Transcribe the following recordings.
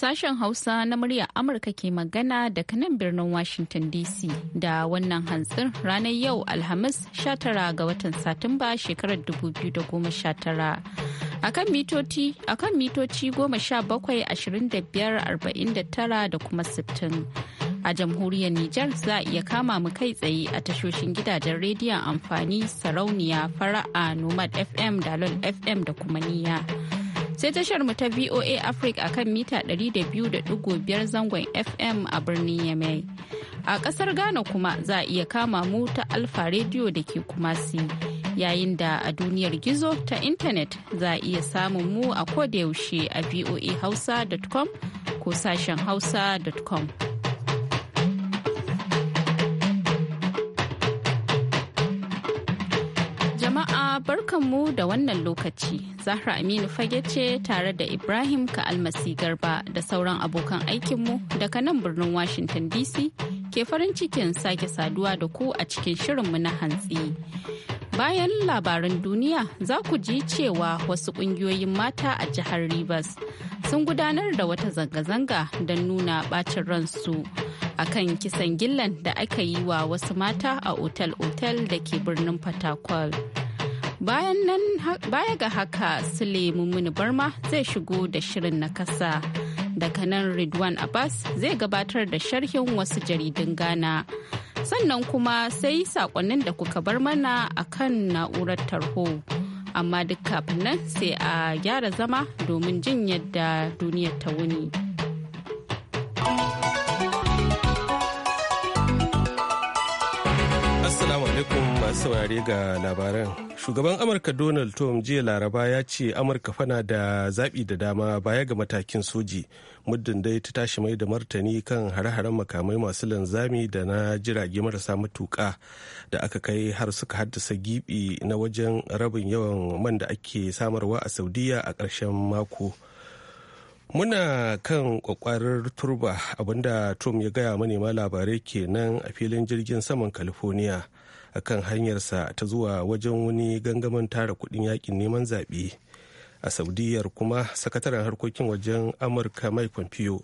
Sashen Hausa na murya Amurka ke magana daga nan birnin Washington DC da wannan hantsin ranar yau Alhamis 19 ga watan Satumba shekarar 2019. Akan mitoci akan mitoci 17, 25, 49 da kuma 60. a jamhuriyar Nijar za a iya kama mu kai tsaye a tashoshin gidajen rediyon amfani sarauniya fara'a nomad fm dalol fm da kuma niya sai tashar mu ta VOA Africa akan mita 200.5 zangon FM a birnin Yamai. A kasar Ghana kuma za a iya kama mu ta Alfa Radio da ke Kumasi. Yayin da a duniyar gizo ta intanet za a iya samun mu a kodayaushe a voahausa.com ko sashen hausa.com. Jama'a barkanmu da wannan lokaci. Zahra Aminu fage ce tare da Ibrahim Ka'almasi Garba da sauran abokan aikinmu daga nan birnin Washington DC ke farin cikin sake saduwa da ku a cikin shirinmu na hantsi. Bayan labaran duniya za ku ji cewa wasu ƙungiyoyin mata a jihar Rivers sun gudanar da wata zanga-zanga don nuna ɓacin ransu. a kan kisan gillan da aka yi wa wasu mata a otal-otal da ke birnin fatakwal Bayan nan baya ga haka Sule Mummuni Barma zai shigo da shirin na kasa. Daga nan Ridwan Abbas zai gabatar da sharhin wasu jaridun Ghana. Sannan kuma sai sakonnin da kuka bar mana a kan na'urar tarho. Amma duk kafin nan sai a gyara zama domin jin yadda duniyar ta wuni. Assalamu alaikum masu saurare ga labaran. shugaban amurka donald trump jiya laraba ya ce amurka fana da zaɓi da dama baya ga matakin soji muddin dai ta tashi mai da martani kan hare-haren makamai masu linzami da na jirage marasa matuƙa da aka kai har suka haddasa gibi na wajen rabin yawan man da ake samarwa a saudiya a ƙarshen mako muna kan kwakwarar turba abinda trump ya gaya manema labarai kenan a filin jirgin saman california akan hanyarsa ta zuwa wajen wani gangamin tara kudin yakin neman zaɓe a saudiyar kuma sakataren harkokin wajen amurka mai pompeo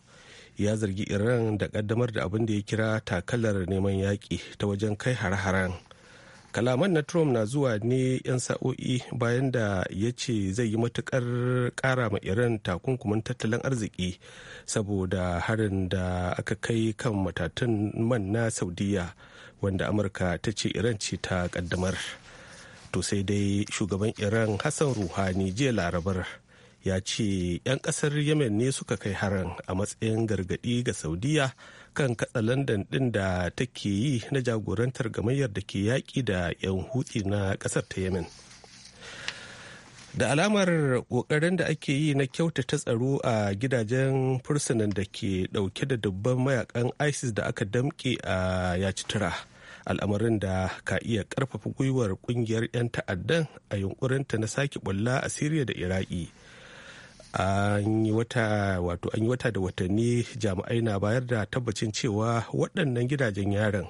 ya zargi iran da kaddamar da abin da ya kira takalar neman yaƙi ta wajen kai har-haren kalaman na trump na zuwa ne 'yan sa'o'i bayan da ya ce zai yi matukar kara ma iran takunkumin tattalin arziki saboda harin da aka kai kan matatun man na saudiya wanda amurka ta ce iran ce ta kaddamar to sai dai shugaban iran hassan ruhani jiya larabar ya ce 'yan kasar yemen ne suka kai haran a matsayin gargadi ga saudiya kan katsa london din da take yi na jagorantar gamayyar da ke yaƙi da 'yan hutsi na kasar ta yemen da alamar ƙoƙarin da ake yi na kyautata tsaro a gidajen fursunan da ke ɗauke da dubban mayakan isis da aka damke a yacitura al'amarin da ka iya ƙarfafa gwiwar ƙungiyar 'yan ta'addan a yunkurinta na sake bulla a siriya da iraki an yi wata wata da watanni jami'ai na bayar da tabbacin cewa waɗannan gidajen yaron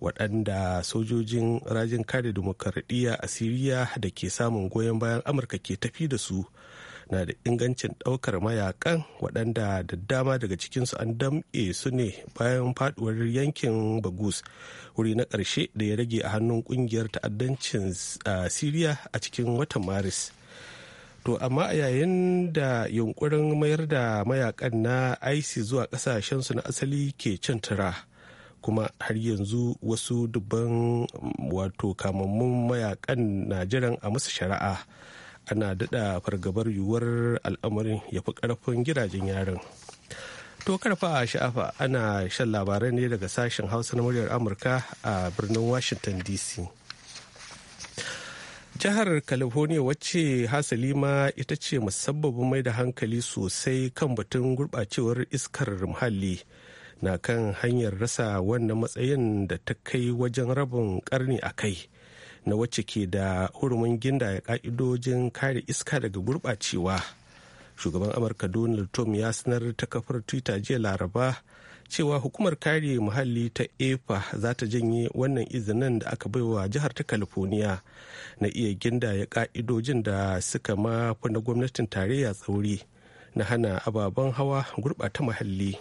waɗanda sojojin rajin kare demokaradiyya a siriya da ke samun goyon bayan amurka ke tafi da su na da ingancin ɗaukar mayakan waɗanda da dama daga cikinsu an damƙe su ne bayan faɗuwar yankin bagus wuri na ƙarshe da ya rage a hannun ƙungiyar ta'addancin siriya a cikin watan maris to amma a yayin da yunkurin mayar da mayakan na isis zuwa ƙasashensu na asali ke cin tura kuma har yanzu wasu dubban mm, wato kamammun mayakan na jiran a musu shari'a ana daɗa fargabar yiwuwar al'amarin ya fi ƙarfin gidajen yarin to karfa a sha'afa ana shan labarai ne daga sashen hausa na muryar amurka a birnin washington dc jihar california wacce hasali ma ita ce musabbabin mai da hankali sosai kan batun gurɓacewar iskar muhalli na kan hanyar rasa wannan matsayin da ta kai wajen rabin karni a kai na wacce ke da hurumin ginda ya ka'idojin kare iska daga gurɓacewa shugaban amurka donald trump ya sanar ta kafar twitter jiya laraba cewa hukumar kare muhalli ta epa za ta janye wannan izinin da aka baiwa jihar ta california na iya ginda ya ka'idojin da suka mafi na gwamnatin tarayya tsauri na hana ababen hawa gurɓata muhalli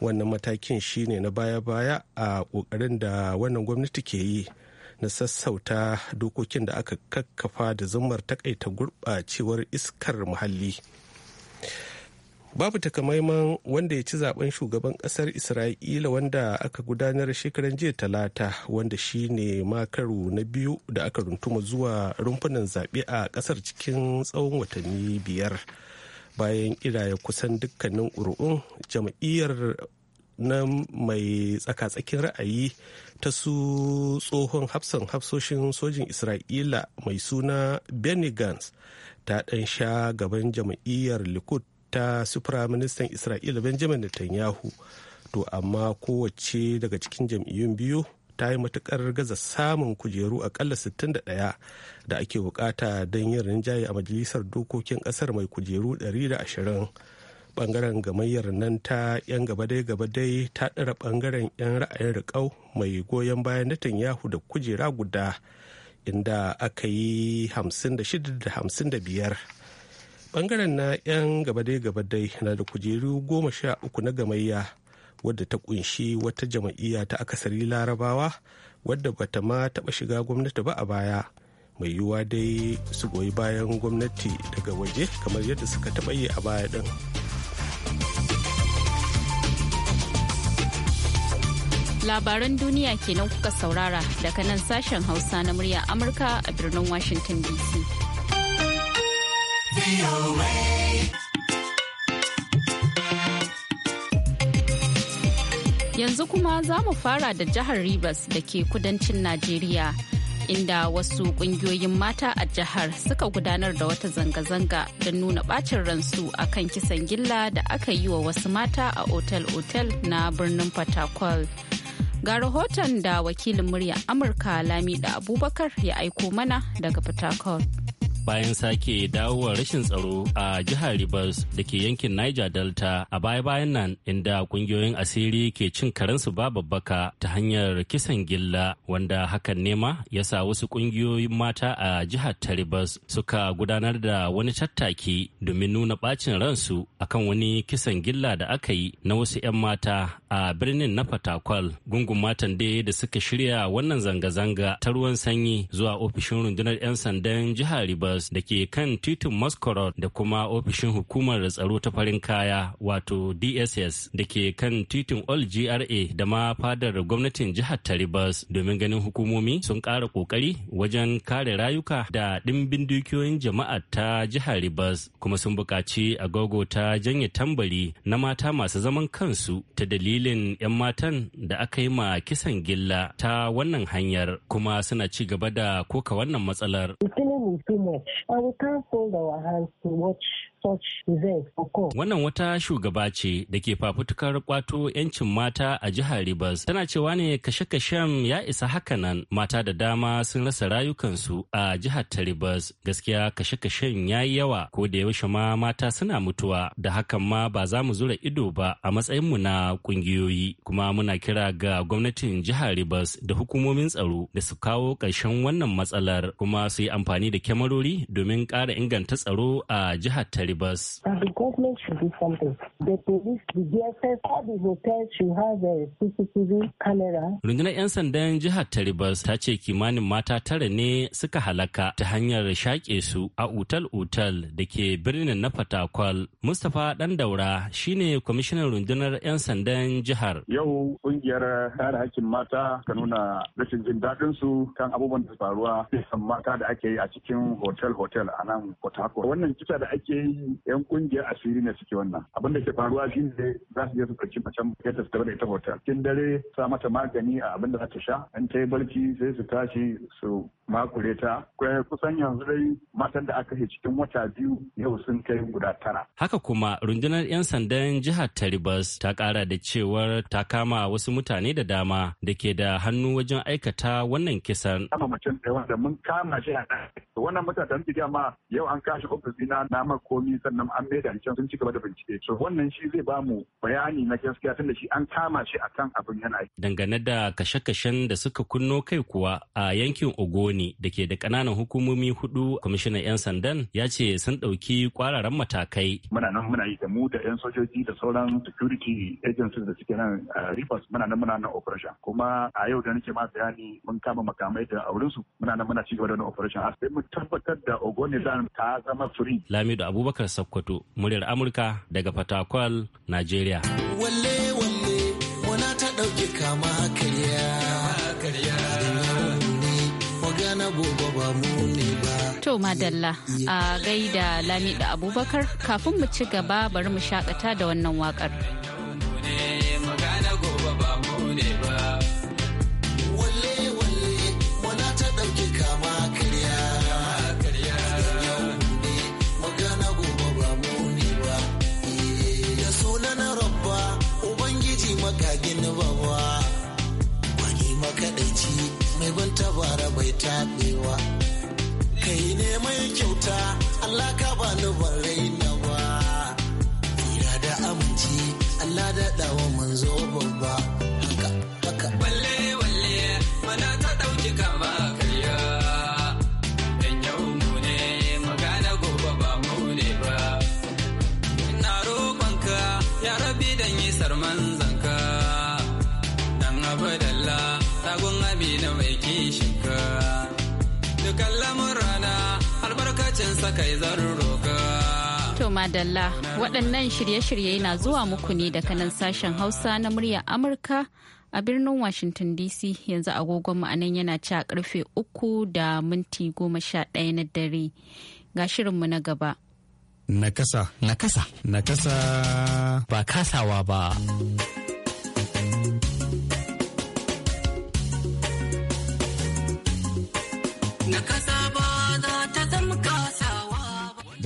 wannan matakin shine na baya-baya a ƙoƙarin da wannan gwamnati ke yi na sassauta dokokin da aka kakkafa da zumar takaita gurɓacewar iskar muhalli babu takamaiman wanda ya ci zaben shugaban ƙasar isra'ila wanda aka gudanar shekaran jiya talata wanda shine makaru na biyu da aka runtuma zuwa rumfunan zaɓe a ƙasar cikin tsawon watanni biyar bayan kiraya kusan dukkanin ƙuri'un jam'iyyar na mai tsaka-tsakin ra'ayi ta su tsohon hafsan hafsoshin sojin isra'ila mai suna benny gans ta ɗan sha gaban jam'iyyar likud ta supraministan firaministan isra'ila benjamin netanyahu to amma kowace daga cikin jam'iyyun biyu ta yi matukar gaza samun kujeru akalla 61 da ake bukata don yin rinjaye a majalisar dokokin kasar mai kujeru 120 bangaren gamayyar nan ta 'yan gabadai-gabadai ta ɗara bangaren 'yan ra'ayin riƙau mai goyon bayan yahu da kujera guda inda aka yi 56 da 55 bangaren na 'yan gabadai-gabadai na da kujeru goma sha uku na gamayya wadda ta kunshi wata jama'iyya ta akasari larabawa wadda bata ma taɓa shiga gwamnati ba a baya mai yiwuwa dai su goyi bayan gwamnati daga waje kamar yadda suka taɓa yi a baya ɗin. labaran duniya kenan kuka saurara daga nan sashen hausa na murya amurka a birnin washington dc. Yanzu kuma za mu fara da jihar Rivers da ke kudancin Najeriya. Inda wasu kungiyoyin mata a jihar suka gudanar da wata zanga-zanga don nuna bacin ransu a kan kisan gilla da aka yi wa wasu mata a otel-otel na birnin Fatakwal. Ga rahoton da wakilin murya Amurka Lamida Abubakar ya aiko mana daga Fatakwal. bayan sake dawowar rashin tsaro a jihar Rivers da ke yankin Niger Delta a baya-bayan nan inda kungiyoyin asiri ke cin karensu babbaka ta hanyar kisan gilla wanda hakan nema ya sa wasu kungiyoyin mata a jihar ta Rivers suka gudanar da wani tattaki domin nuna bacin ransu akan wani kisan gilla da aka yi na wasu 'yan mata a birnin na fatakwal gungun matan dai da suka shirya wannan zanga-zanga ta ruwan sanyi zuwa ofishin rundunar 'yan sandan jihar ribas da ke kan titin maskorod da kuma ofishin hukumar tsaro ta farin kaya wato dss da ke kan titin all gra da ma fadar gwamnatin jihar ta ribas domin ganin hukumomi sun ƙara ƙoƙari wajen kare rayuka da dimbin dukiyoyin jama'a ta jihar ribas kuma sun bukaci agogo ta janye tambari na mata masu zaman kansu ta dalilin 'yan matan da aka yi ma kisan gilla ta wannan hanyar kuma suna ci gaba da koka wannan matsalar. such events occur. Wannan wata shugaba ce da ke fafutukar kwato 'yancin mata a jihar Rivers. Tana cewa ne kashe-kashen ya isa nan. mata da dama sun rasa rayukansu a jihar ta Rivers. Gaskiya kashe-kashen ya yi yawa ko da yaushe ma mata suna mutuwa da hakan ma ba za mu zura ido ba a matsayinmu na kungiyoyi kuma muna kira ga gwamnatin jihar Rivers da hukumomin tsaro da su kawo ƙarshen wannan matsalar kuma su yi amfani da kyamarori domin ƙara inganta tsaro a jihar ta camera. Rundunar 'yan sandan jihar Taribas ta ce kimanin mata tara ne suka halaka ta hanyar shaƙe su a otal-otal da ke birnin na Fatakwal. Mustapha Dan Daura ne kwamishinan rundunar 'yan sandan jihar. Yau ƙungiyar kare hakkin mata ka nuna rashin jin daɗin kan abubuwan da faruwa mata da ake yi a cikin hotel-hotel a nan Wannan kisa da ake yi yan kungiyar asiri ne suke wannan abin da ke faruwa shi ne za su je su ɗauki macen ya tattara da ita hotel cikin dare sa mata magani a abin da za ta sha an ta yi barci sai su tashi su makure ta kusan yanzu dai matan da aka yi cikin wata biyu yau sun kai guda tara. Haka kuma rundunar 'yan sandan jihar Taribas ta kara da cewar ta kama wasu mutane da dama da ke da hannu wajen aikata wannan kisan. Kama mutum da da mun kama shi a wannan mutanen da ma yau an kashe ofis na na komi. sannan an mai da can sun ci gaba da bincike so wannan shi zai bamu bayani na gaskiya tunda shi an kama shi akan abin yana yi dangane da kashe-kashen da suka kunno kai kuwa a yankin ogoni da ke da kananan hukumomi hudu kwamishinan yan sandan ya ce sun ɗauki kwararan matakai muna nan muna yi da mu da yan sojoji da sauran security agencies da suke nan rivers muna nan muna nan operation kuma a yau da nake ma bayani mun kama makamai da aurinsu muna nan muna ci gaba da operation har sai mun tabbatar da ogoni za ta zama free lamido abubakar Abubakar sakkwato muryar Amurka daga Fatakwal, Najeriya. Walle walle, wana ta ɗauki kama karya. Karya. Magana gobe ba mu ne ba. To madalla a gaida Lami da Abubakar kafin mu ci gaba bari mu shakata da wannan waƙar. bai taɓewa kai ne mai kyauta Allah ka bani ban ba ira da aminci Allah da dawa manzo babba Ka roka. To Madalla, waɗannan shirye-shirye na zuwa muku ne daga nan sashen Hausa na muryar Amurka a birnin Washington DC yanzu agogon ma'anan yana ci a karfe uku da minti goma sha ɗaya na dare. Ga shirinmu na gaba. Nakasa. Nakasa. Nakasa. Ba kasawa ba. Nakasa.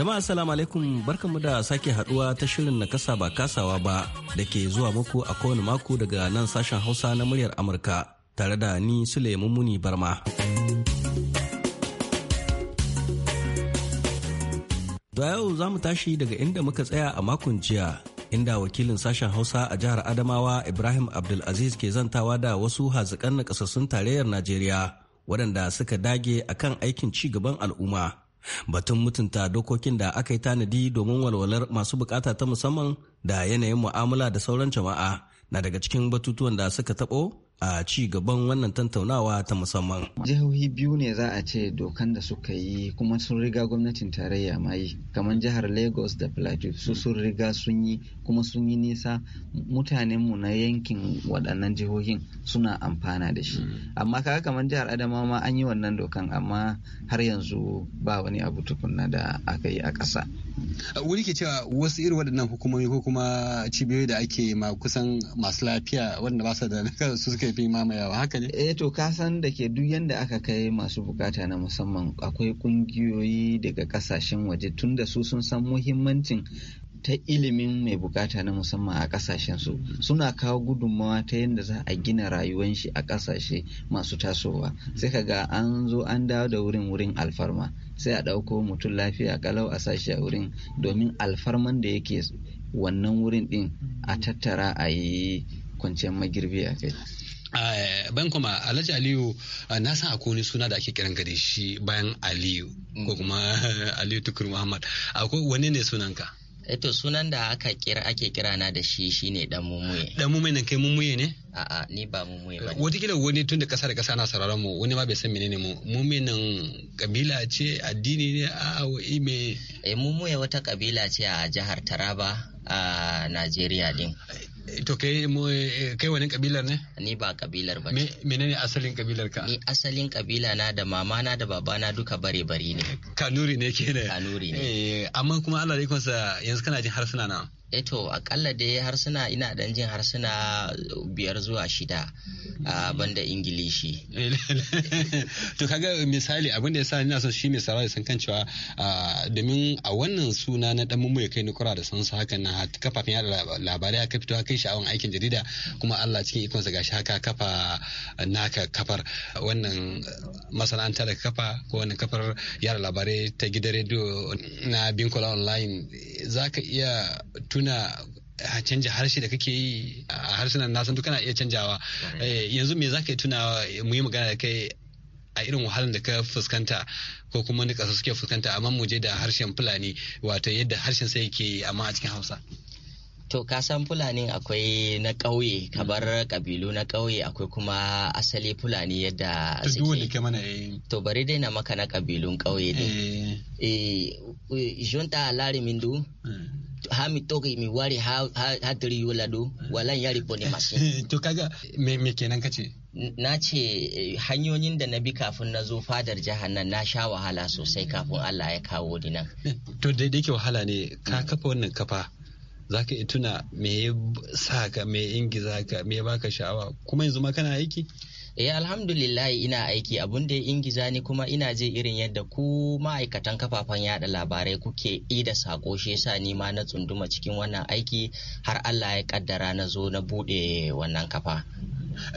Jama'a assalamu alaikum barkanmu da sake haduwa ta shirin na kasa ba kasawa ba da ke zuwa muku a kowane mako daga nan sashen Hausa na muryar Amurka tare da ni Sule Mummuni Barma. Da yau za mu tashi daga inda muka tsaya a makon jiya inda wakilin sashen Hausa a jihar Adamawa Ibrahim Abdulaziz ke zantawa da wasu hazikan na kasassun tarayyar Najeriya waɗanda suka dage akan aikin ci gaban al'umma. batun mutunta dokokin da aka yi tanadi domin walwalar masu bukata ta musamman da yanayin mu'amala da sauran jama'a na daga cikin batutuwan da suka taɓo a ci gaban wannan tantaunawa ta musamman. Jihohi biyu ne za a ce dokan da suka yi kuma sun riga gwamnatin tarayya ma yi kamar jihar Lagos da Plateau su sun riga sun yi kuma sun yi nisa mutanenmu na yankin waɗannan jihohin suna amfana da shi. Amma kaga kamar jihar Adamawa ma an yi wannan dokan amma har yanzu ba wani abu tukunna da aka yi a ƙasa. Wuri ke cewa wasu irin waɗannan hukumomi ko kuma cibiyoyi da ake ma kusan masu lafiya wanda ba su da suke ya mamaya ba haka ne eh to ka san da ke duk yanda aka kai masu bukata na musamman akwai kungiyoyi daga kasashen waje tun da su sun san muhimmancin ta ilimin mai bukata na musamman a kasashen su suna kawo gudunmawa ta yadda za a gina rayuwan shi a kasashe masu tasowa sai ka ga an zo an dawo da wurin wurin alfarma sai a ɗauko mutum lafiya kalau a sashi a wurin domin alfarman da yake wannan wurin din a tattara a yi kwanciyar magirbi a kai Eh, ban kuma alhaji aliyu eh, na san akwai wani suna da ake kiran gare shi bayan aliyu ko kuma aliyu tukur muhammad akwai wani ne sunanka eto eh, sunan da aka kira ake kira na da shi shine dan mumuye dan mumuye nan kai mumuye ne a ni ba mumuye ba kila wani tun da ƙasa da ƙasa na sauraron mu wani ma bai san menene mu mumuye nan kabila ce addini ne a wa ime eh mumuye wata kabila ce a jihar Taraba a Najeriya din to kai eh, kai wani kabilar ne ni ba kabilar ba menene asalin kabilar ka ni asalin kabila na da mama na da baba na duka bare bare ne kanuri ne kenan kanuri ne eh, amma kuma Allah ya ikonsa yanzu kana jin harsuna na eto eh akalla dai harsuna ina dan jin harsuna biyar zuwa shida a banda ingilishi to kaga misali abin da yasa ina son shi mai sarari san kan cewa domin a wannan suna na dan ya kai ni kura da san su hakan na kafafen yada labarai aka fito kai sha'awan aikin jarida kuma Allah cikin sa gashi haka kafa naka kafar wannan masana'anta da kafa ko wannan kafar yada labarai ta gidan rediyo na Binkola online zaka iya tuna ah, canja harshe da kake yi a harsunan nasan duk kana iya canjawa eh, yanzu me zaka yi tuna mu yi magana da kai a irin wahalar da ka fuskanta ko kuma wani kasa suke fuskanta amma mu je da harshen fulani wato yadda harshen sai yake amma a cikin hausa To ka san Fulani akwai na ƙauye kamar mm. ƙabilu na ƙauye akwai kuma asali Fulani yadda suke. Eh. To bari dai na maka na ƙabilun ƙauye din. Eh, eh junta larimindu. hami toki mi wari ha hatiri do walan ya ripo ne mashin to kaga me me kenan kace na ce eh, hanyoyin da na bi kafin na zo fadar jahannan na sha wahala sosai kafin Allah ya kawo ni nan to dai yake wahala ne ka mm. kafa wannan kafa za ka tuna me ya sa ka me ingiza ka me baka sha'awa kuma yanzu ma kana aiki Eh alhamdulillah ina aiki abun da ya ingiza ni kuma ina je irin yadda ku ma'aikatan kafafen yada labarai kuke yi da sako shi yasa ni ma na tsunduma cikin wannan aiki har Allah ya kaddara na zo na bude wannan kafa.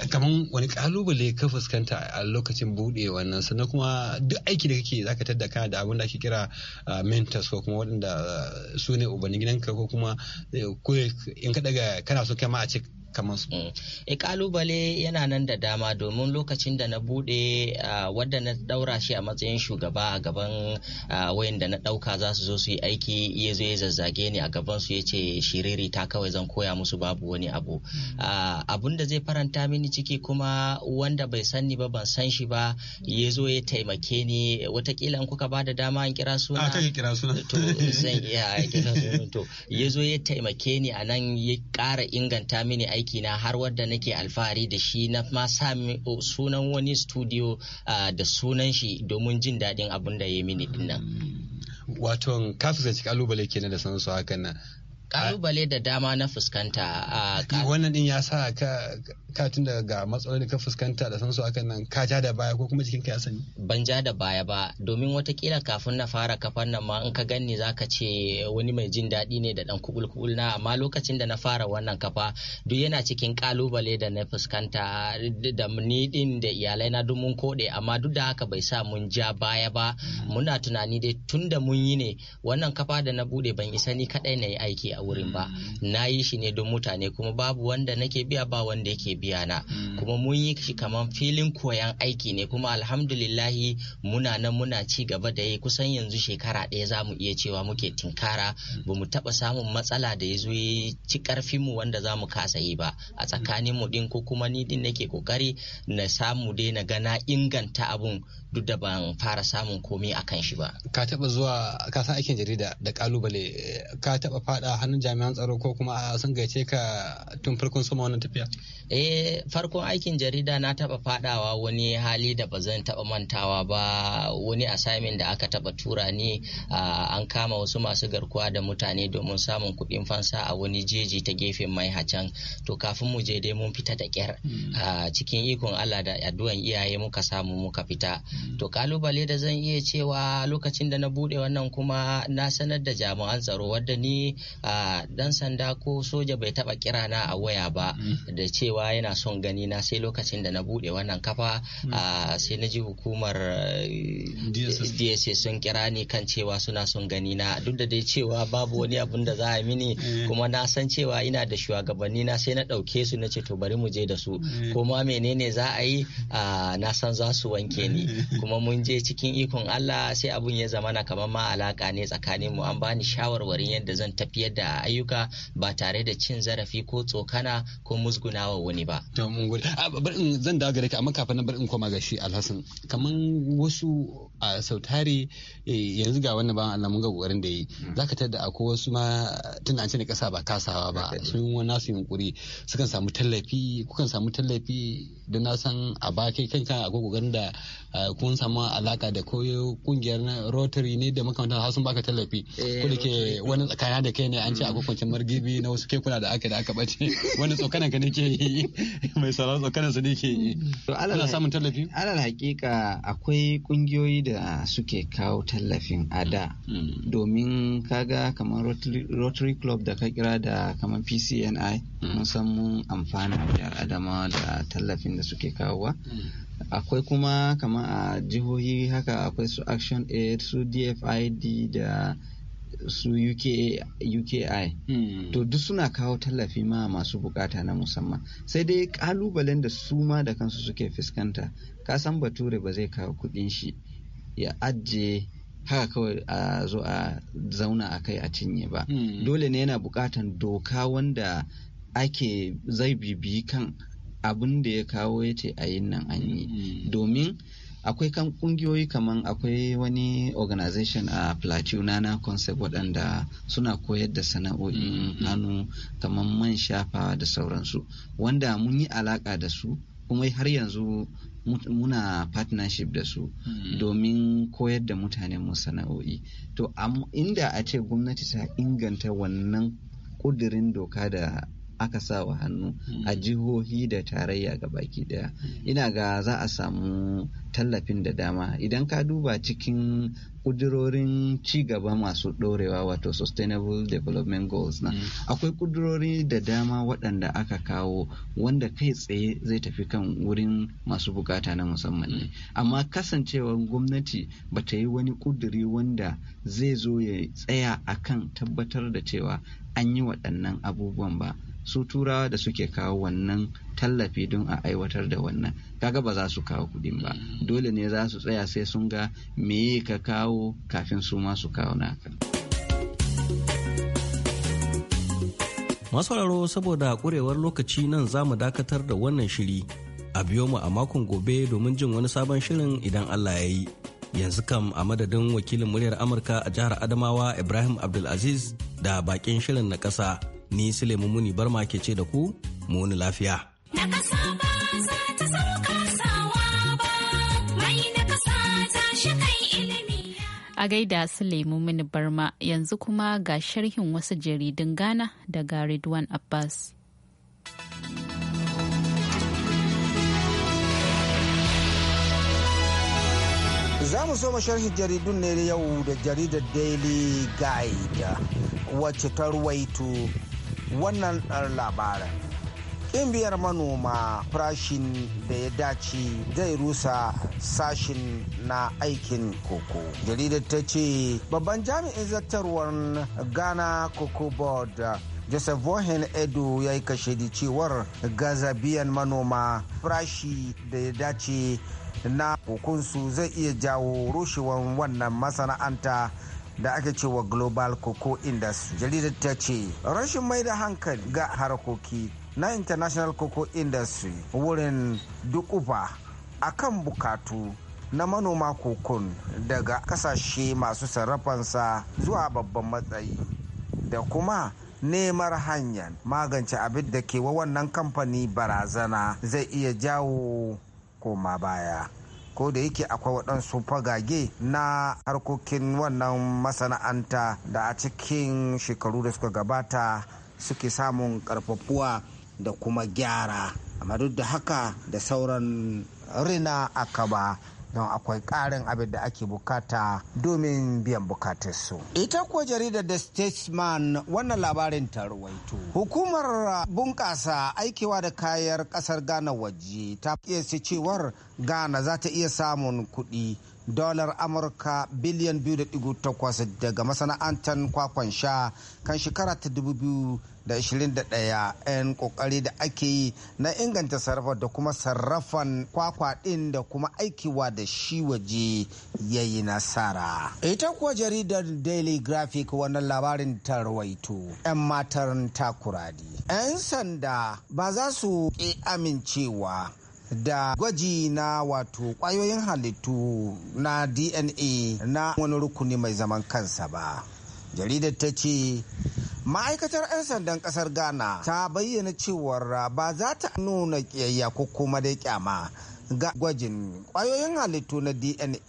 kaman wani kalubale ka fuskanta a lokacin bude wannan sannan kuma duk aiki da kake zaka tadda kana da abun da ake kira ah, mentors ko kuma waɗanda ah, su ne ubannin gidanka ko kuma eh, in ka daga kana so kai ma a ce kamar su mm. e eh, kalubale yana nan da dama domin lokacin da na bude wadda na daura shi a matsayin shugaba a gaban wayan da na dauka za su zo su yi aiki iya zo ya zazzage ni a gaban su ya ce shiriri ta kawai zan koya musu babu wani abu abun da zai faranta mini ciki kuma wanda bai san ni ba ban san shi ba ya zo ya taimake ni watakila in kuka bada dama in kira suna to zan iya kira suna to ya zo ya taimake ni a nan ya kara inganta mini aiki aiki na har wadda nake alfahari da shi na ma sami sunan wani studio da sunan shi domin jin daɗin abin da ya mini dinnan. Waton kafin kalubale kenan da su hakan nan kalubale da dama na fuskanta a wannan din ya sa ka ka tun daga matsaloli ka fuskanta da sansu akan nan ka ja da baya ko kuma jikinka ya sani ban ja da baya ba domin watakila kafin na fara kafan nan ma in ka ganni zaka ce wani mai jin daɗi ne da dan kubul kubul na amma lokacin da na fara wannan kafa duk yana cikin kalubale da na fuskanta da ni din da iyalai na duk mun kode amma duk da haka bai sa mun ja baya ba mm. muna tunani dai tun da mun yi ne wannan kafa da na bude ban isa ni kadai na yi aiki a wurin ba na yi shi ne don mutane kuma babu wanda nake biya ba wanda yake biya na hmm. kuma mun yi shi kamar filin koyan aiki ne kuma alhamdulillahi muna nan muna ci gaba da yi kusan yanzu shekara ɗaya za mu iya cewa muke tinkara hmm. ba mu taɓa samun matsala da ya zo ya ci mu wanda za mu kasa yi ba a tsakanin mu ɗin ko kuma ni din nake ƙoƙari na samu dai na gana inganta abun duk da ban fara samun komi akan shi ba. Ka taɓa zuwa ka san aikin jarida da ƙalubale eh, ka taɓa faɗa tsakanin jami'an tsaro ko kuma a sun gaice ka tun farkon sama wannan tafiya eh farkon aikin jarida na taba fadawa wani hali da ba zan taba mantawa ba wani assignment da aka taba tura ni an kama wasu masu garkuwa da mutane domin samun kuɗin fansa a wani jeji ta gefen mai hacan to kafin mu je dai mun fita da kyar hmm. cikin ikon Allah da addu'an iyaye muka samu muka fita hmm. to kalubale da zan iya cewa lokacin da na buɗe wannan kuma na sanar da jami'an tsaro wadda ni dan sanda ko soja bai taba kira na a waya ba mm. da cewa yana son gani na sai lokacin da na bude wannan kafa mm. sai na ji hukumar eh, DSS sun kira ni kan cewa suna son gani na duk da dai cewa babu wani abun da za a mini eh. kuma na san cewa ina da shugabanni na sai na dauke su na ce to bari mu je da su eh. kuma menene za a yi na san za su wanke ni kuma mun je cikin ikon Allah sai abun ya zama na kamar ma alaka ne tsakanin mu an bani shawarwarin yadda zan tafiyar da da ayyuka ba tare da cin zarafi ko tsokana ko musgunawa wani ba. Ah, zan dawo gare ka amma kafin nan barin koma ga shi Alhassan. Kaman wasu a sautari eh, yanzu ga wannan ba, Allah mun ga kokarin da yi. Hmm. Zaka tada akwai wasu ma tun an ce ne kasa ba kasawa ba sun wani nasu yunkuri sukan samu tallafi kukan samu tallafi da na san a ba kai kanka akwai kokarin da kun samu alaka da koyo kungiyar Rotary ne da makamantar hasun baka tallafi. Eh, ko da ke wani tsakanin da kai ne an an ce akwai kwanciyar margibi na wasu kekuna da aka da aka bace wani tsokanan ka nake yi mai sauran tsokanan su nake yi ana samun tallafi alal hakika akwai kungiyoyi da suke kawo tallafin ada hmm. domin kaga kamar rotary club da ka kira da kamar pcni hmm. mun san mun amfana da adama da tallafin da suke kawowa hmm. akwai kuma kamar a jihohi haka akwai su action aid su dfid da su UKI. Hmm. To duk suna kawo tallafi ma masu bukata na musamman. Sai dai kalubalen da su ma da kansu suke fuskanta. Ka san bature ba zai kawo kudin shi ya ajiye haka kawai a zo a zauna a kai a cinye ba. Hmm. Dole ne yana bukatan doka wanda ake zai bibi kan abin da ya kawo ya ce a yin nan an yi. Hmm. Domin akwai kan kungiyoyi kaman akwai wani organization a plateau na concept waɗanda suna koyar da sana'o'in mm-hmm. hannu kaman man shafa da sauransu wanda mun yi alaka da su kuma har yanzu muna partnership da su mm-hmm. domin koyar da mutanen mu sana'o'i to inda a ce gwamnati ta inganta wannan kudirin doka da aka sa wa hannu a hmm. jihohi da tarayya ga baki daya hmm. ina ga za a samu tallafin da dama idan ka duba cikin kudurorin gaba masu ɗorewa wato sustainable development goals na hmm. akwai kudurori da dama waɗanda aka kawo wanda kai tsaye zai tafi kan wurin masu bukata na musamman ne amma kasancewar gwamnati ba ta yi wani kuduri wanda zai zo ya tsaya akan tabbatar da cewa an yi waɗannan abubuwan ba su turawa da suke kawo wannan tallafi don a aiwatar da wannan kaga ba za su kawo kudin ba dole ne za su tsaya sai sun ga me ka kawo kafin su ma su kawo naka masauraro saboda kurewar lokaci nan za mu dakatar da wannan shiri a biyo mu a makon gobe domin jin wani sabon shirin idan allah ya yi yanzu kam a madadin wakilin muryar amurka a jihar adamawa ibrahim abdulaziz da bakin shirin na ƙasa ni Suleiman Muni Barma ke ce da ku muni lafiya. A gaida Suleiman Muni Barma yanzu kuma ga sharhin wasu jaridun Ghana daga Ridwan Abbas. Za mu so sharhin jaridun ne yau da jaridar Daily Guide wacce ta ruwaito wannan labaran ƙin biyar manoma farashin da ya dace zai rusa sashin na aikin koko jaridar ta ce babban jami'in zartarwar ghana Koko board joseph vohen edo ya yi kashe da cewar gazabiyan manoma farashi da ya dace na hukunsu zai iya jawo rushewar wannan masana'anta da ake cewa global cocoa industry jaridar ta ce rashin mai da hankali ga harkoki na international cocoa industry wurin a akan bukatu na manoma kokon daga kasashe masu sarrafansa zuwa babban matsayi da kuma nemar hanyar magance abin da ke wa wannan kamfani barazana zai iya jawo koma baya ko da yake akwai waɗansu fagage na harkokin wannan masana'anta da a cikin shekaru da suka gabata suke samun ƙarfafuwa da kuma gyara amma duk da haka da sauran rina akaba don akwai ƙarin abin da ake bukata domin biyan bukatarsu. Ita kuwa jaridar The Statesman wannan labarin ta ruwaito. Hukumar bunƙasa aikewa da kayar ƙasar Ghana waje ta kiyasi cewar Ghana za ta iya samun kuɗi dolar amurka biliyan 2.8 daga masana'antar kwakwan sha kan shekara ta 2021 'yan kokari da ake yi na inganta sarrafa da kuma sarrafan kwakwa ɗin da kuma aikiwa da shi waje ya yi nasara ita kuwa jaridar daily graphic wannan labarin ta tarwaito 'yan matar takuradi 'yan sanda ba za su amincewa da gwaji na wato kwayoyin halittu na dna na wani rukuni mai zaman kansa ba jaridar ta ce ma'aikatar 'yan sandan kasar ghana ta bayyana cewar ba za ta nuna kiyayya ko kuma dai kyama ga gwajin kwayoyin halittu na dna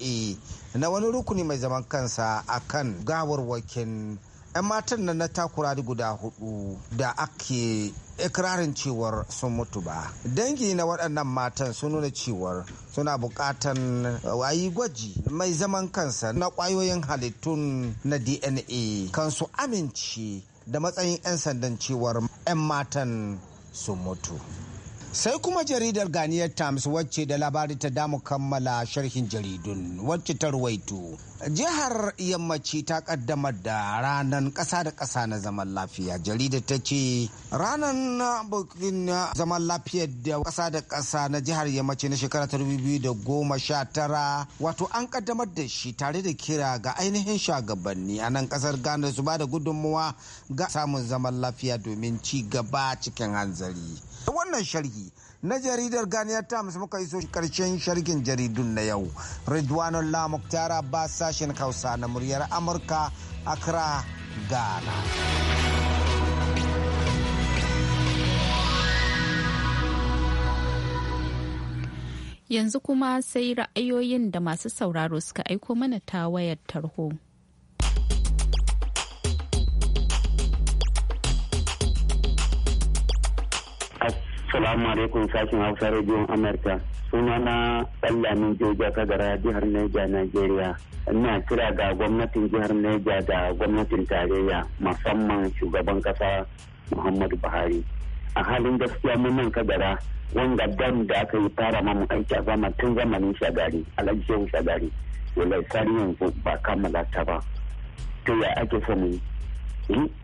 na wani rukuni mai zaman kansa akan gawarwakin 'yan matan nan na takura guda hudu da ake ikirarin cewar sun mutu ba dangi na waɗannan matan sun nuna cewar suna buƙatan wayi uh, gwaji mai zaman kansa na ƙwayoyin halittun na dna su amince da matsayin 'yan sandan cewar 'yan matan sun mutu sai kuma jaridar ganiyar times wacce da labari ta damu kammala sharhin jaridun wacce ta ruwaito jihar yammaci ta kaddamar da ranar ƙasa da ƙasa na zaman lafiya jarida ta ce ranar bukin zaman lafiyar da ƙasa da ƙasa na jihar yammaci na shekara ta da goma sha tara wato an kaddamar da shi tare da kira ga ainihin shugabanni a nan ƙasar ghana su ba da gudunmuwa ga samun zaman lafiya domin ci gaba cikin hanzari wannan sharhi na jaridar Ghanaian Times muka iso karshen shargin jaridun na yau. Ridwanullah tara ba sashen Hausa na muryar Amurka Accra, Ghana. Yanzu kuma sai ra'ayoyin da masu sauraro suka aiko mana ta wayar tarho. Assalamu alaikum sashen Hausa Radio Amerika. Suna na Ɗallamin Joja Kagara jihar Neja, Najeriya. Ina kira ga gwamnatin jihar Neja da gwamnatin tarayya musamman shugaban kasa Muhammadu Buhari. A halin gaskiya mun nan Kagara wanda dam da aka yi fara mamu aiki a zama tun zamanin shagari, alhaji shehu shagari. Wallahi sari yanzu ba kammala ta ba. To ya ake so mu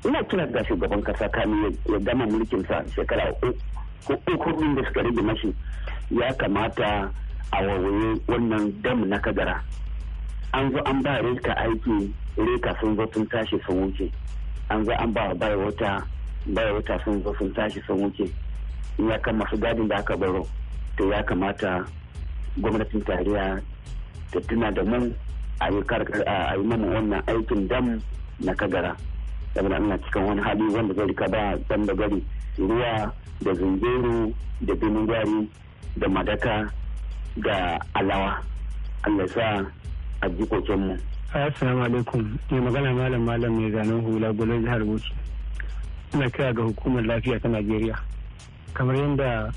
Ina kira ga shugaban kasa kami ya gama mulkinsa shekara uku ko da suka rage mashi ya kamata a wawaye wannan dam na kadara an zo an ba reka aiki reka sun zo sun tashi sun wuce an zo an ba wa bai wata bai wata sun zo sun tashi sun wuce ya kama su gadin da aka baro to ya kamata gwamnatin tarayya ta tuna da mu a yi mana wannan aikin dam na kagara saboda ana cikin wani hali wanda zai rika ba dan da gari ruwa da zunzuru da binin gwari da madaka ga alawa allah sa a jikokinmu assalamu alaikum ne magana malam malam mai zanen hula gulon jihar bauchi ina kira ga hukumar lafiya ta najeriya kamar yadda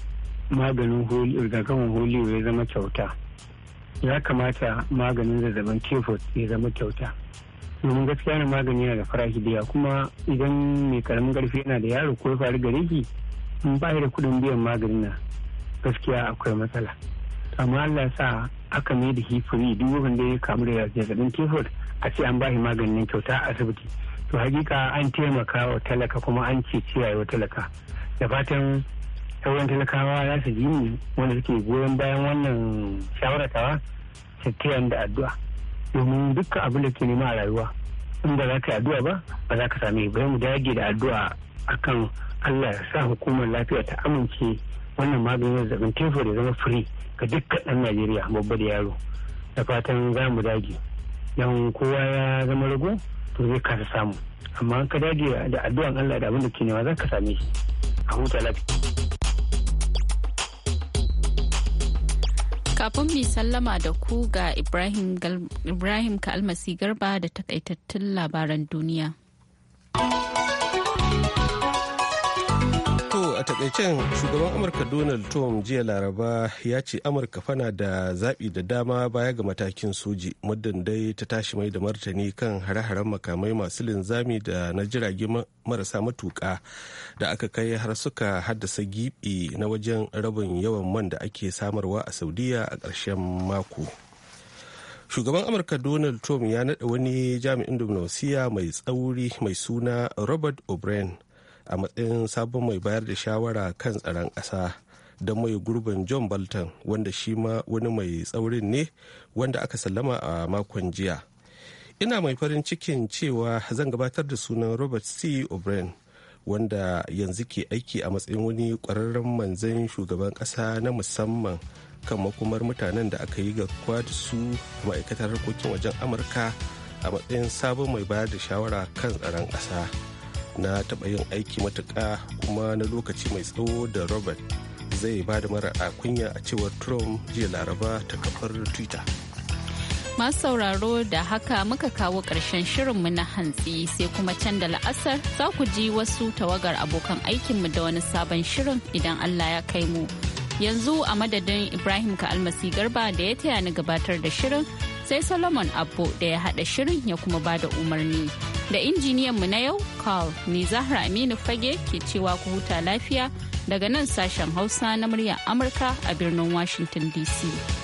maganin rigakafin holiyo ya zama kyauta ya kamata maganin zazzabin kefot ya zama kyauta domin gaskiya na magani yana da farashi da kuma idan mai karamin karfi yana da yaro ko ya faru gare rigi in mm. ba da kuɗin biyan maganin na. gaskiya akwai matsala amma Allah sa aka mai da hifiri duk wanda ya kamu da zazzabin typhoid a ce an bashi maganin kyauta a asibiti to hakika an taimaka wa talaka kuma an ce ciyayewa talaka da fatan sauran talakawa za su ji ni wanda suke goyon bayan wannan shawaratawa su taya da addu'a domin dukkan abin da ke nema a rayuwa in za ka yi addu'a ba ba za ka sami ba mu dage da addu'a akan allah ya sa hukumar lafiya ta amince wannan maganin zazzabin tefo ya zama firi ga dukkan ɗan najeriya babba da yaro da fatan za mu dage don kowa ya zama rago to zai kasa samu amma ka dage da addu'an allah da abin da ke nema za ka same shi a huta lafiya kafin mu sallama da ku ga Ibrahim, Ibrahim almasi Garba da takaitattun labaran duniya. a takaicen shugaban amurka donald trump jiya laraba ya ce amurka fana da zaɓi da dama baya ga matakin soji muddin dai ta tashi mai da martani kan hare-haren makamai masu linzami da na jirage marasa matuƙa da aka kai har suka haddasa giɓi na wajen rabin yawan man da ake samarwa a saudiya a ƙarshen mako shugaban amurka donald trump ya naɗa wani jami'in dimnosiya mai tsauri mai suna robert o'brien a matsayin sabon mai bayar da shawara kan tsaron ƙasa da mai gurbin john bolton wanda shi ma wani mai tsaurin ne wanda aka sallama a makon jiya ina mai farin cikin cewa zan gabatar da sunan robert c o'brien wanda yanzu ke aiki a matsayin wani kwararren manzan shugaban kasa na musamman kan makomar mutanen da aka yi ga da su ma'aikatar harkokin wajen amurka a matsayin sabon mai bayar da shawara kan tsaron ƙasa. na taɓa yin aiki matuka kuma na lokaci mai tsawo da robert zai ba da mara a kunya a cewar trump jiya laraba ta kafar twitter masu sauraro da haka muka kawo ƙarshen shirinmu na hantsi sai kuma can da la'asar za ku ji wasu tawagar abokan aikinmu da wani sabon shirin idan Allah ya kai mu. Yanzu a madadin Ibrahim almasi Garba da ya taya ni gabatar da shirin sai Solomon abu da ya haɗa shirin ya kuma ba da umarni. da injiniyan mu na yau Carl ne Zahra Aminu Fage ke cewa ku huta lafiya daga nan sashen Hausa na muryar Amurka a birnin Washington DC.